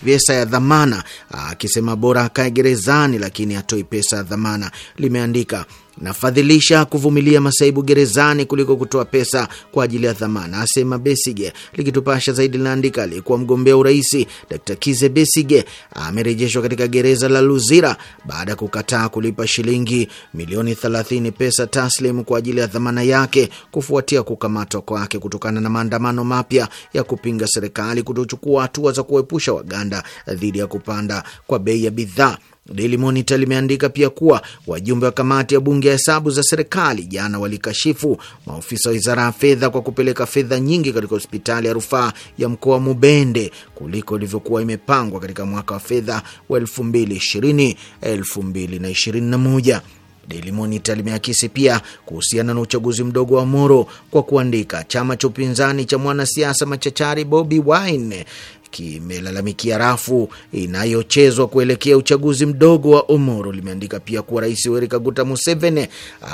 pesa ya dhamana, akisema bora akae gerezani, lakini hatoi pesa ya dhamana, limeandika nafadhilisha kuvumilia masaibu gerezani kuliko kutoa pesa kwa ajili ya dhamana, asema Besige. Likitupasha zaidi linaandika aliyekuwa mgombea urais Dr Kize Besige amerejeshwa katika gereza la Luzira baada ya kukataa kulipa shilingi milioni 30 pesa taslim kwa ajili ya dhamana yake kufuatia kukamatwa kwake kutokana na maandamano mapya ya kupinga serikali kutochukua hatua za kuepusha Waganda dhidi ya kupanda kwa bei ya bidhaa Daily Monitor limeandika pia kuwa wajumbe wa kamati ya bunge ya hesabu za serikali jana walikashifu maofisa wa wizara ya fedha kwa kupeleka fedha nyingi katika hospitali ya rufaa ya mkoa wa Mubende kuliko ilivyokuwa imepangwa katika mwaka wa fedha wa 2020 2021. Daily Monitor limeakisi pia kuhusiana na uchaguzi mdogo wa Moro kwa kuandika, chama cha upinzani cha mwanasiasa machachari Bobi Wine kimelalamikia rafu inayochezwa kuelekea uchaguzi mdogo wa umoro Limeandika pia kuwa Rais Yoweri Kaguta Museveni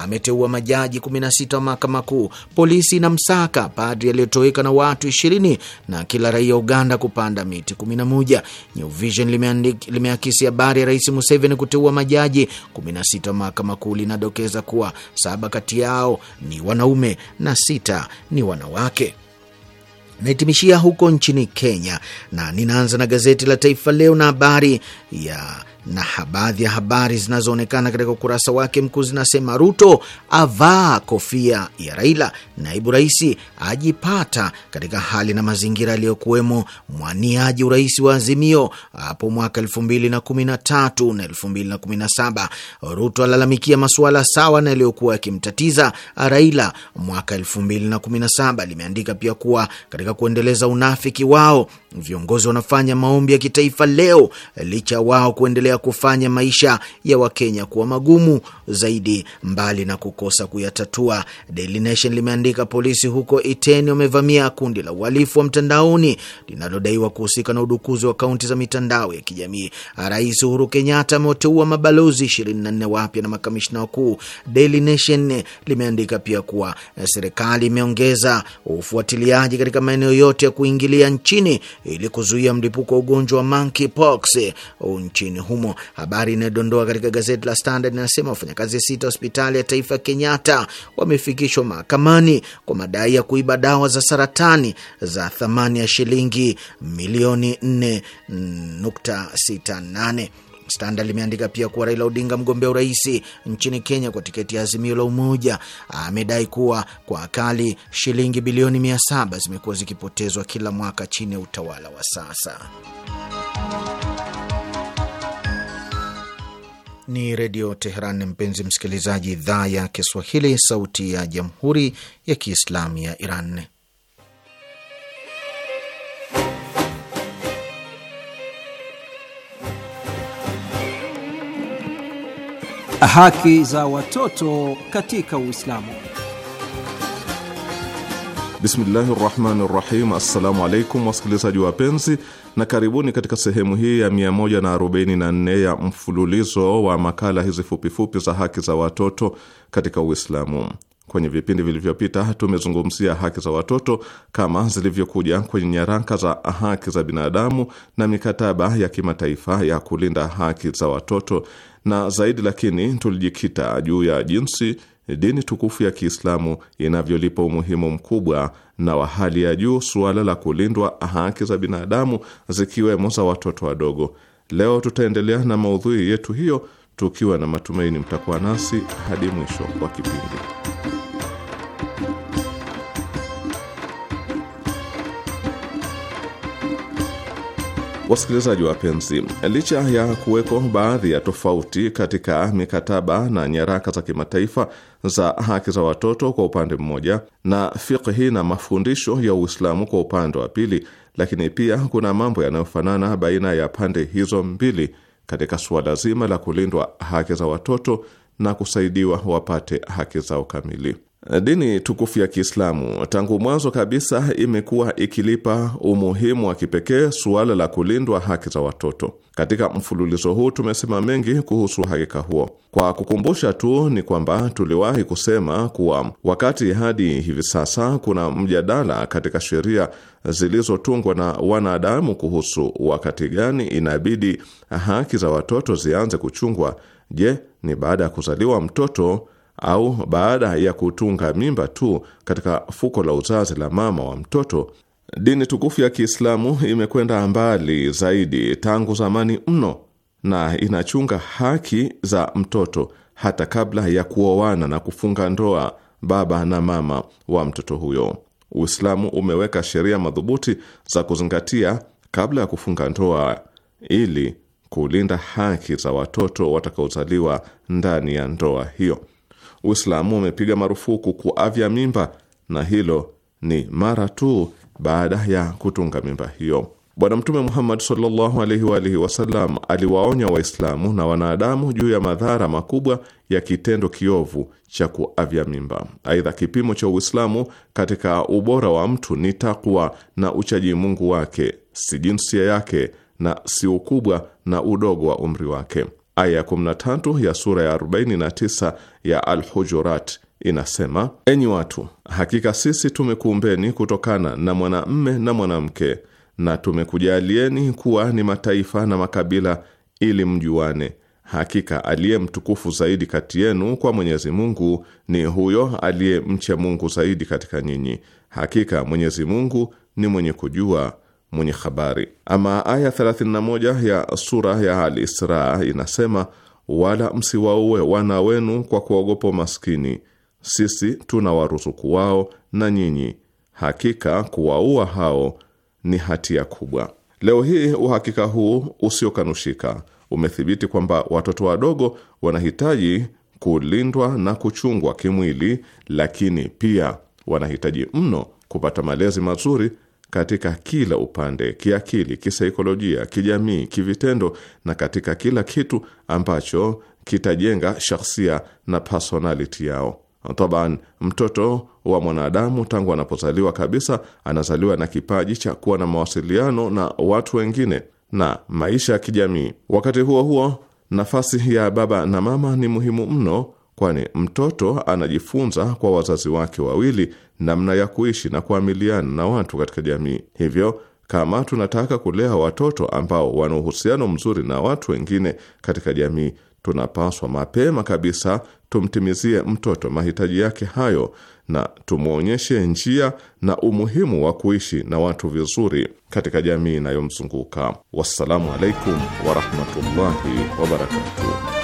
ameteua majaji 16 wa mahakama kuu. Polisi na msaka padri aliyotoweka na watu 20 na kila raia Uganda kupanda miti 11. New Vision limeakisi habari ya Rais Museveni kuteua majaji 16 wa mahakama kuu. Linadokeza kuwa saba kati yao ni wanaume na sita ni wanawake naitimishia huko nchini Kenya na ninaanza na gazeti la Taifa Leo na habari ya na baadhi ya habari zinazoonekana katika ukurasa wake mkuu zinasema: Ruto avaa kofia ya Raila, naibu rais ajipata katika hali na mazingira aliyokuwemo mwaniaji urais wa Azimio hapo mwaka mbili na saba. Ruto alalamikia masuala sawa na yaliyokuwa yakimtatiza Raila mwaka saba. Limeandika pia kuwa katika kuendeleza unafiki wao viongozi wanafanya maombi ya kitaifa leo licha wao kuendelea kuendelea kufanya maisha ya Wakenya kuwa magumu zaidi, mbali na kukosa kuyatatua. Daily Nation limeandika polisi huko Iteni wamevamia kundi la uhalifu wa mtandaoni linalodaiwa kuhusika na udukuzi wa akaunti za mitandao ya kijamii. Rais Uhuru Kenyatta ameteua mabalozi 24 wapya na makamishna wakuu. Daily Nation limeandika pia kuwa eh, serikali imeongeza ufuatiliaji katika maeneo yote ya kuingilia nchini ili kuzuia mlipuko wa ugonjwa wa monkeypox eh, nchini humo humo. Habari inayodondoa katika gazeti la Standard inasema wafanyakazi sita hospitali ya taifa Kenyatta wamefikishwa mahakamani kwa madai ya kuiba dawa za saratani za thamani ya shilingi milioni 4.68. Standard limeandika pia kuwa Raila Odinga, mgombea urais nchini Kenya kwa tiketi ya Azimio la Umoja, amedai kuwa kwa akali shilingi bilioni mia saba zimekuwa zikipotezwa kila mwaka chini ya utawala wa sasa ni Redio Teheran, mpenzi msikilizaji, idhaa ya Kiswahili, sauti ya jamhuri ya kiislamu ya Iran. Haki za watoto katika Uislamu. Bismillahi rahmani rahim. Assalamu alaikum wasikilizaji wapenzi na karibuni katika sehemu hii ya 144 ya mfululizo wa makala hizi fupifupi za haki za watoto katika Uislamu. Kwenye vipindi vilivyopita tumezungumzia haki za watoto kama zilivyokuja kwenye nyaraka za haki za binadamu na mikataba ya kimataifa ya kulinda haki za watoto, na zaidi lakini tulijikita juu ya jinsi dini tukufu ya Kiislamu inavyolipa umuhimu mkubwa na wa hali ya juu suala la kulindwa haki za binadamu zikiwemo za watoto wadogo. Leo tutaendelea na maudhui yetu hiyo tukiwa na matumaini mtakuwa nasi hadi mwisho wa kipindi. Wasikilizaji wapenzi, licha ya kuweko baadhi ya tofauti katika mikataba na nyaraka za kimataifa za haki za watoto kwa upande mmoja, na fikhi na mafundisho ya Uislamu kwa upande wa pili, lakini pia kuna mambo yanayofanana baina ya pande hizo mbili katika suala zima la kulindwa haki za watoto na kusaidiwa wapate haki zao kamili. Dini tukufu ya Kiislamu tangu mwanzo kabisa imekuwa ikilipa umuhimu wa kipekee suala la kulindwa haki za watoto. Katika mfululizo huu tumesema mengi kuhusu uhakika huo. Kwa kukumbusha tu, ni kwamba tuliwahi kusema kuwa wakati hadi hivi sasa kuna mjadala katika sheria zilizotungwa na wanadamu kuhusu wakati gani inabidi haki za watoto zianze kuchungwa. Je, ni baada ya kuzaliwa mtoto au baada ya kutunga mimba tu katika fuko la uzazi la mama wa mtoto, dini tukufu ya Kiislamu imekwenda mbali zaidi tangu zamani mno na inachunga haki za mtoto hata kabla ya kuoana na kufunga ndoa baba na mama wa mtoto huyo. Uislamu umeweka sheria madhubuti za kuzingatia kabla ya kufunga ndoa ili kulinda haki za watoto watakaozaliwa ndani ya ndoa hiyo. Uislamu umepiga marufuku kuavya mimba na hilo ni mara tu baada ya kutunga mimba hiyo. Bwana Mtume Muhammad sallallahu alaihi wa alihi wasallam aliwaonya Waislamu na wanadamu juu ya madhara makubwa ya kitendo kiovu cha kuavya mimba. Aidha, kipimo cha Uislamu katika ubora wa mtu ni takwa na uchaji Mungu wake, si jinsia yake na si ukubwa na udogo wa umri wake. Aya ya 13 ya sura ya 49 ya Al-Hujurat inasema: enyi watu, hakika sisi tumekuumbeni kutokana na mwanamme na mwanamke na tumekujalieni kuwa ni mataifa na makabila ili mjuane. Hakika aliye mtukufu zaidi kati yenu kwa Mwenyezi Mungu ni huyo mcha Mungu zaidi katika nyinyi. Hakika Mwenyezi Mungu ni mwenye kujua mwenye habari. Ama aya 31 ya sura ya Al-Isra inasema, wala msiwaue wana wenu kwa kuogopa maskini, sisi tuna waruzuku wao na nyinyi, hakika kuwaua hao ni hatia kubwa. Leo hii uhakika huu usiokanushika umethibiti kwamba watoto wadogo wanahitaji kulindwa na kuchungwa kimwili, lakini pia wanahitaji mno kupata malezi mazuri katika kila upande, kiakili, kisaikolojia, kijamii, kivitendo na katika kila kitu ambacho kitajenga shakhsia na personality yao. Taban, mtoto wa mwanadamu tangu anapozaliwa kabisa anazaliwa na kipaji cha kuwa na mawasiliano na watu wengine na maisha ya kijamii. Wakati huo huo, nafasi ya baba na mama ni muhimu mno kwani mtoto anajifunza kwa wazazi wake wawili namna ya kuishi na kuamiliana na watu katika jamii. Hivyo, kama tunataka kulea watoto ambao wana uhusiano mzuri na watu wengine katika jamii, tunapaswa mapema kabisa tumtimizie mtoto mahitaji yake hayo na tumwonyeshe njia na umuhimu wa kuishi na watu vizuri katika jamii inayomzunguka. Wassalamu alaikum warahmatullahi wabarakatuh.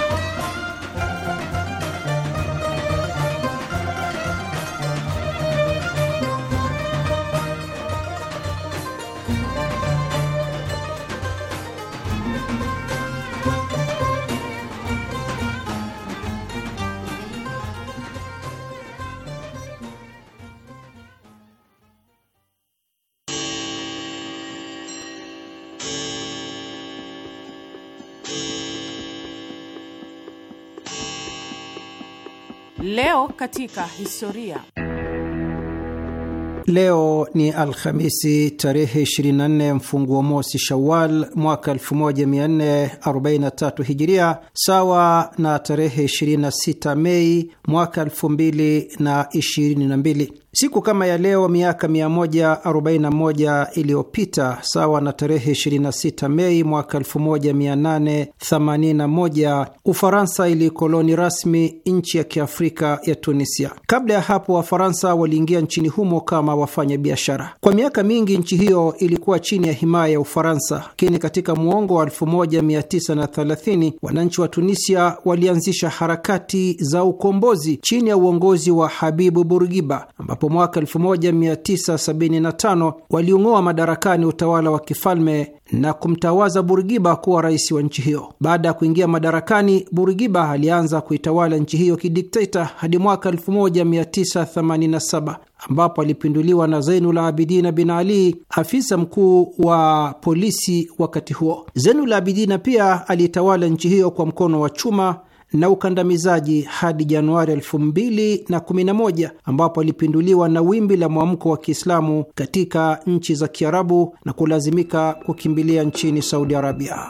Leo katika historia. Leo ni Alhamisi tarehe 24 mfunguo mosi Shawal mwaka 1443 Hijiria, sawa na tarehe 26 Mei mwaka 2022. Siku kama ya leo miaka 141 iliyopita, sawa na tarehe 26 Mei mwaka 1881, Ufaransa ilikoloni rasmi nchi ya kiafrika ya Tunisia. Kabla ya hapo, Wafaransa waliingia nchini humo kama wafanya biashara. Kwa miaka mingi nchi hiyo ilikuwa chini ya himaya ya Ufaransa, lakini katika muongo wa 1930 wananchi wa Tunisia walianzisha harakati za ukombozi chini ya uongozi wa Habibu Burgiba ambapo mwaka 1975 waliung'oa madarakani utawala wa kifalme na kumtawaza Burgiba kuwa rais wa nchi hiyo. Baada ya kuingia madarakani, Burgiba alianza kuitawala nchi hiyo kidikteta hadi mwaka 1987 ambapo alipinduliwa na Zainul Abidina bin Ali, afisa mkuu wa polisi wakati huo. Zainul Abidina pia aliitawala nchi hiyo kwa mkono wa chuma na ukandamizaji hadi Januari 2011 ambapo alipinduliwa na wimbi la mwamko wa Kiislamu katika nchi za Kiarabu na kulazimika kukimbilia nchini Saudi Arabia.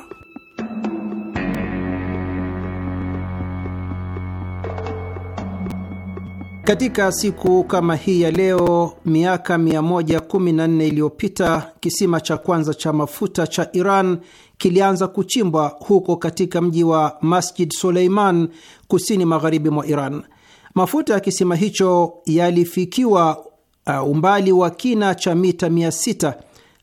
Katika siku kama hii ya leo miaka 114 iliyopita kisima cha kwanza cha mafuta cha Iran kilianza kuchimbwa huko katika mji wa Masjid Suleiman kusini magharibi mwa Iran. Mafuta ya kisima hicho yalifikiwa uh, umbali wa kina cha mita 600,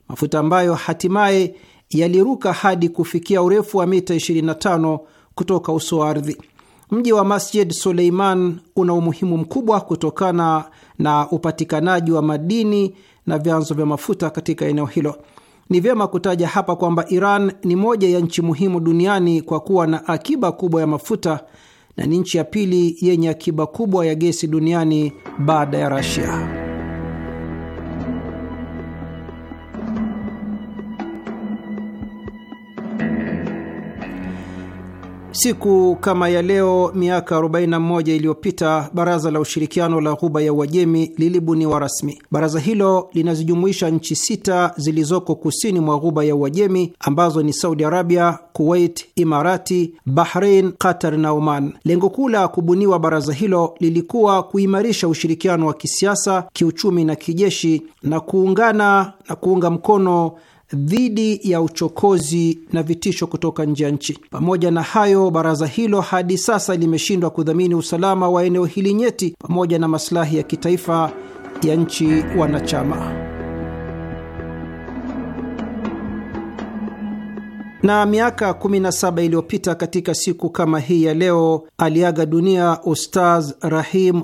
mafuta ambayo hatimaye yaliruka hadi kufikia urefu wa mita 25 kutoka uso wa ardhi. Mji wa Masjid Suleiman una umuhimu mkubwa kutokana na upatikanaji wa madini na vyanzo vya mafuta katika eneo hilo. Ni vyema kutaja hapa kwamba Iran ni moja ya nchi muhimu duniani kwa kuwa na akiba kubwa ya mafuta na ni nchi ya pili yenye akiba kubwa ya gesi duniani baada ya Rasia. Siku kama ya leo miaka 41 iliyopita baraza la ushirikiano la ghuba ya Uajemi lilibuniwa rasmi. Baraza hilo linazijumuisha nchi sita zilizoko kusini mwa ghuba ya Uajemi ambazo ni Saudi Arabia, Kuwait, Imarati, Bahrain, Qatar na Oman. Lengo kuu la kubuniwa baraza hilo lilikuwa kuimarisha ushirikiano wa kisiasa, kiuchumi na kijeshi na kuungana na kuunga mkono dhidi ya uchokozi na vitisho kutoka nje ya nchi. Pamoja na hayo, baraza hilo hadi sasa limeshindwa kudhamini usalama wa eneo hili nyeti pamoja na masilahi ya kitaifa ya nchi wanachama. Na miaka 17 iliyopita katika siku kama hii ya leo aliaga dunia Ustaz Rahim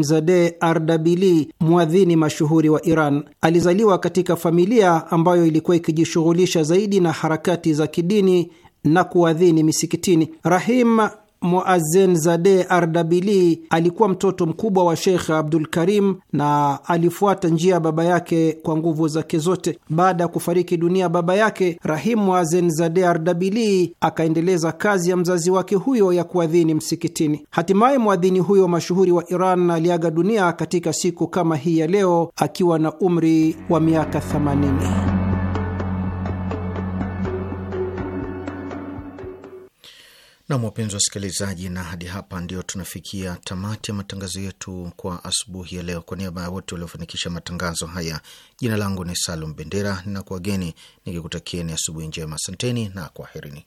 zade Ardabili, mwadhini mashuhuri wa Iran. Alizaliwa katika familia ambayo ilikuwa ikijishughulisha zaidi na harakati za kidini na kuadhini misikitini. Rahim Muazen Zade Ardabili alikuwa mtoto mkubwa wa Sheikh Abdul Karim na alifuata njia ya baba yake kwa nguvu zake zote. Baada ya kufariki dunia baba yake, Rahim Muazen Zade Ardabili akaendeleza kazi ya mzazi wake huyo ya kuadhini msikitini. Hatimaye mwadhini huyo mashuhuri wa Iran aliaga dunia katika siku kama hii ya leo akiwa na umri wa miaka 80. Nam, wapenzi wasikilizaji, na hadi hapa ndio tunafikia tamati ya matangazo yetu kwa asubuhi ya leo. Kwa niaba ya wote waliofanikisha matangazo haya, jina langu ni Salum Bendera, ninakuwageni nikikutakieni asubuhi njema. Asanteni na kwaherini.